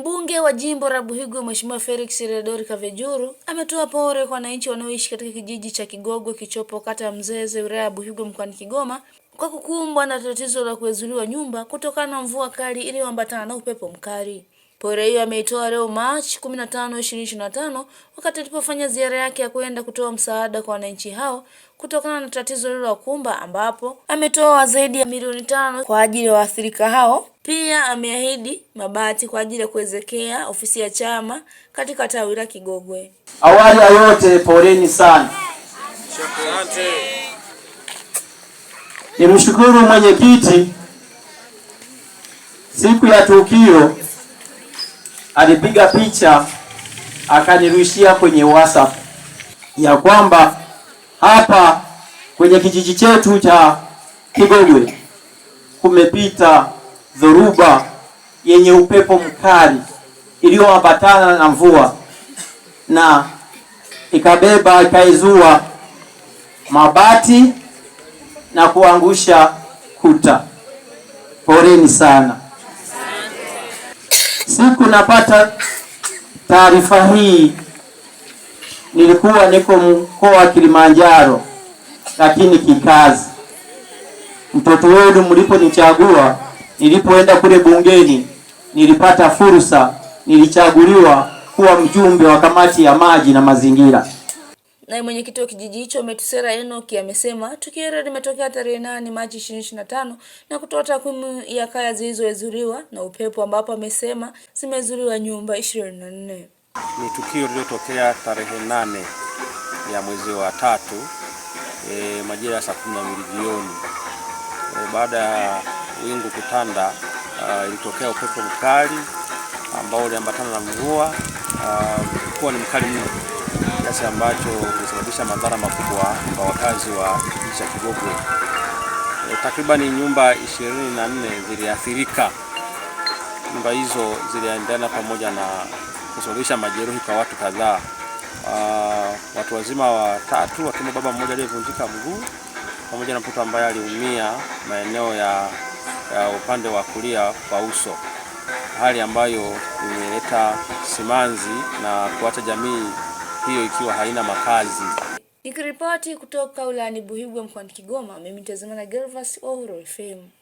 Mbunge wa jimbo la Buhigwe Mheshimiwa Felix Redori Kavejuru ametoa pole kwa wananchi wanaoishi katika kijiji cha kigogo kichopo kata ya Mzeze wilaya ya Buhigwe mkoani Kigoma kwa kukumbwa na tatizo la kuezuliwa nyumba kutokana na mvua kali iliyoambatana na upepo mkali. Pole hiyo ameitoa leo Machi 15, 2025 wakati alipofanya ziara yake ya kwenda kutoa msaada kwa wananchi hao kutokana na tatizo kumba ambapo ametoa zaidi ya milioni tano kwa ajili ya waathirika hao pia ameahidi mabati kwa ajili ya kuwezekea ofisi ya chama katika tawi la Kigogwe. Awali ya yote, poleni sana. Nimshukuru mwenyekiti, siku ya tukio alipiga picha akanirushia kwenye WhatsApp ya kwamba hapa kwenye kijiji chetu cha Kigogwe kumepita dhoruba yenye upepo mkali iliyoambatana na mvua na ikabeba ikaizua mabati na kuangusha kuta. Poleni sana. Siku napata taarifa hii, nilikuwa niko mkoa wa Kilimanjaro, lakini kikazi. Mtoto wenu mliponichagua Nilipoenda kule bungeni, nilipata fursa, nilichaguliwa kuwa mjumbe wa kamati ya maji na mazingira. Naye mwenyekiti wa kijiji hicho Metusera Enoki amesema tukio hilo limetokea tarehe nane Machi 2025 na kutoa takwimu ya kaya zilizoezuriwa na upepo, ambapo amesema zimezuriwa nyumba 24. Ni tukio lililotokea tarehe nane ya mwezi wa tatu, e, majira ya saa kumi na mbili jioni, e, baada ya wingu kutanda, uh, ilitokea upepo mkali ambao uliambatana na mvua uh, kuwa ni mkali mno kiasi ambacho ulisababisha madhara makubwa kwa wakazi wa kijiji cha Kibogwe. E, eh, takribani nyumba ishirini na nne ziliathirika. Nyumba hizo ziliendana pamoja na kusababisha majeruhi kwa watu kadhaa. Uh, watu wazima watatu, wakiwemo baba mmoja aliyevunjika mguu pamoja na mtoto ambaye aliumia maeneo ya uh, upande wa kulia kwa uso, hali ambayo imeleta simanzi na kuacha jamii hiyo ikiwa haina makazi. Nikiripoti kutoka wilayani Buhigwe mkoani Kigoma, mimi mtazamana Gervas Ohuro FM.